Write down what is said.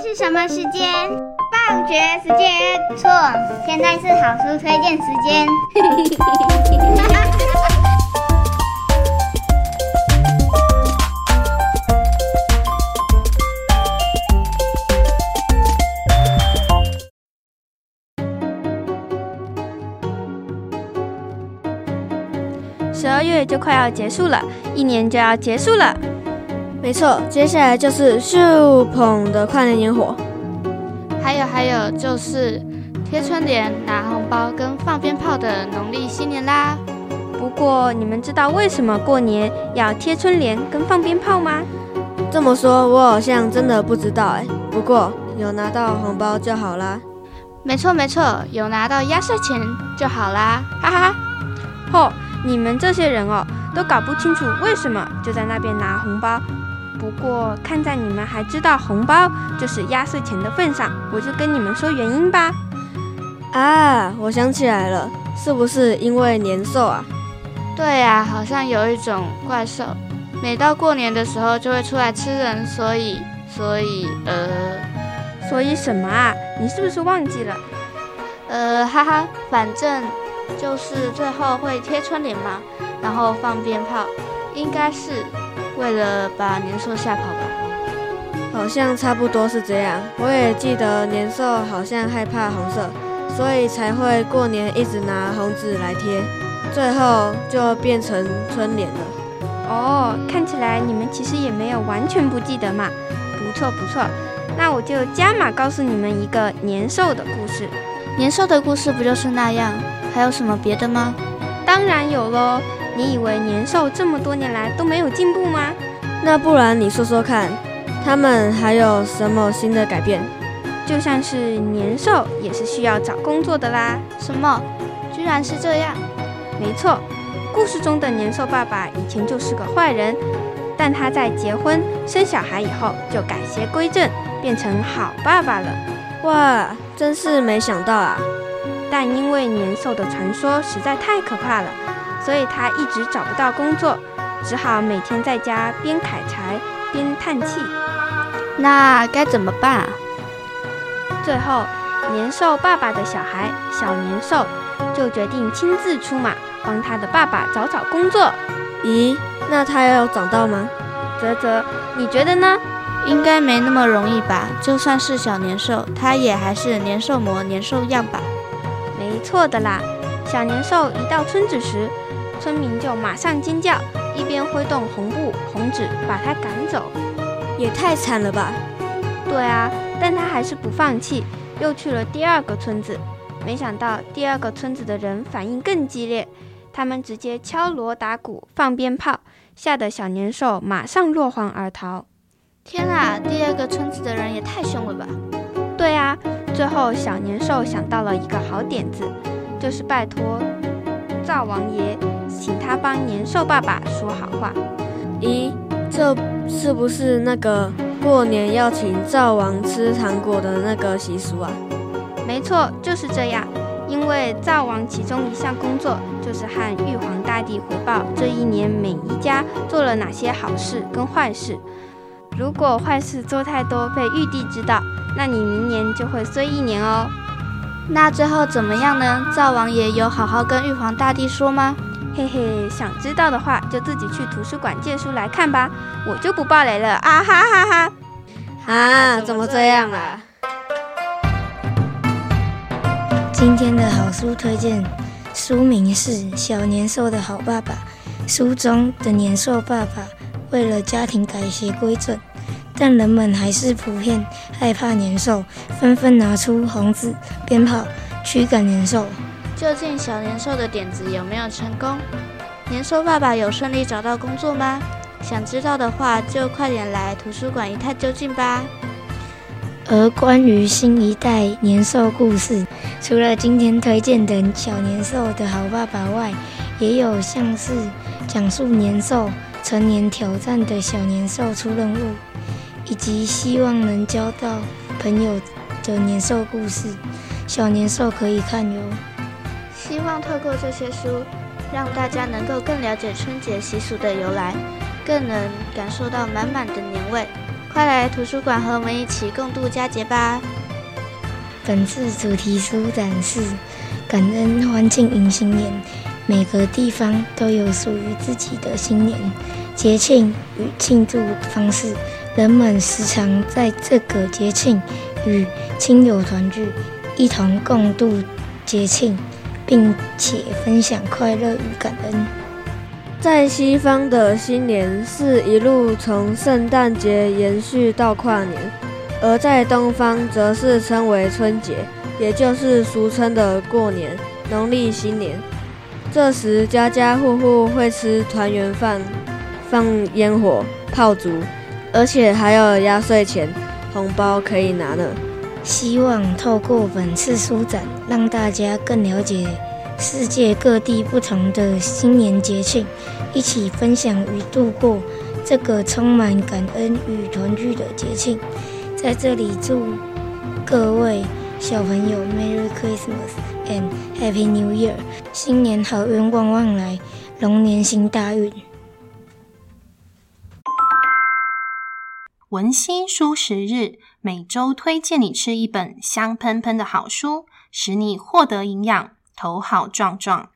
是什麼時間？放學時間？錯，現在是好書推薦時間。十二 月就快要結束了，一年就要結束了。沒錯，接下來就是秀捧的跨年煙火，還有還有就是貼春聯、拿紅包跟放鞭炮的農曆新年啦。不過你們知道為什麼過年要貼春聯跟放鞭炮嗎？這麼說，我好像真的不知道誒。不過有拿到紅包就好啦。沒錯沒錯，有拿到壓歲錢就好啦。哈哈，吼，你們這些人哦，都搞不清楚為什麼就在那邊拿紅包。不過看在你們還知道紅包就是壓歲錢的份上，我就跟你們說原因吧。啊，我想起來了，是不是因為年獸啊？對啊，好像有一種怪獸，每到過年的時候就會出來吃人，所以所以呃，所以什麼啊？你是不是忘記了？呃，哈哈，反正就是最後會貼春聯嘛，然後放鞭炮，應該是。為了把年獸嚇跑吧，好像差不多是這樣。我也記得年獸好像害怕紅色，所以才會過年一直拿紅紙來貼，最後就變成春聯了。哦，看起來你們其實也沒有完全不記得嘛，不錯不錯。那我就加碼告訴你們一個年獸的故事。年獸的故事不就是那樣？還有什麼別的嗎？當然有嘍。你以為年獸這麼多年來都沒有進步嗎？那不然你說說看，他們還有什麼新的改變？就像是年獸也是需要找工作的啦。什麼？居然是這樣？沒錯，故事中的年獸爸爸以前就是個壞人，但他在結婚生小孩以後就改邪歸正，變成好爸爸了。哇，真是沒想到啊！但因為年獸的傳說實在太可怕了。所以他一直找不到工作，只好每天在家邊砍柴邊嘆氣。那該怎麼辦啊？最後，年獸爸爸的小孩小年獸就決定親自出馬，幫他的爸爸找找工作。咦，那他要找到嗎？喆喆，你覺得呢？應該沒那麼容易吧？就算是小年獸，他也還是年獸模年獸樣吧？沒錯的啦。小年獸一到村子時，村民就馬上尖叫，一邊揮動紅布、紅紙把他趕走，也太慘了吧！對啊，但他還是不放棄，又去了第二個村子。沒想到第二個村子的人反應更激烈，他們直接敲鑼打鼓、放鞭炮，嚇得小年獸馬上落荒而逃。天哪，第二個村子的人也太凶了吧！對啊，最後小年獸想到了一個好點子，就是拜托灶王爺。請他幫年獸爸爸說好話。咦,這是不是那個過年要請灶王吃糖果的那個習俗啊？沒錯,就是這樣。因為灶王其中一項工作就是和玉皇大帝匯報這一年每一家做了哪些好事跟壞事。如果壞事做太多，被玉帝知道，那你明年就會衰一年哦。那最後怎麼樣呢？灶王爺有好好跟玉皇大帝說嗎？嘿嘿，想知道的話就自己去圖書館借書來看吧，我就不爆雷了啊哈哈哈！啊，怎麼這樣啊？今天的好書推薦，書名是《小年獸的好爸爸》。書中的年獸爸爸為了家庭改邪歸正，但人們還是普遍害怕年獸，紛紛拿出紅紙、鞭炮驅趕年獸。究竟小年獸的點子有沒有成功？年獸爸爸有順利找到工作嗎？想知道的話，就快點來圖書館一探究竟吧。而關於新一代年獸故事，除了今天推薦的小年獸的好爸爸外，也有像是講述年獸成年挑戰的小年獸出任務，以及希望能交到朋友的年獸故事，小年獸可以看喲。希望透過這些書，讓大家能夠更了解春節習俗的由來，更能感受到滿滿的年味。快來圖書館和我們一起共度佳節吧！本次主題書展是“感恩歡慶迎新年”。每個地方都有屬於自己的新年節慶與慶祝方式，人們時常在這個節慶與親友團聚，一同共度節慶。並且分享快樂與感恩。在西方的新年是一路從聖誕節延續到跨年，而在東方則是稱為春節，也就是俗稱的過年、農曆新年。這時家家戶戶會吃團圓飯、放煙火、炮竹，而且還有壓歲錢、紅包可以拿呢。希望透過本次書展，讓大家更了解世界各地不同的新年節慶，一起分享與度過這個充滿感恩與團聚的節慶。在這裡，祝各位小朋友 Merry Christmas and Happy New Year！新年好運旺旺來，龍年行大運。文欣書食日，每週推薦你吃一本香噴噴的好書，使你獲得營養，頭好壯壯。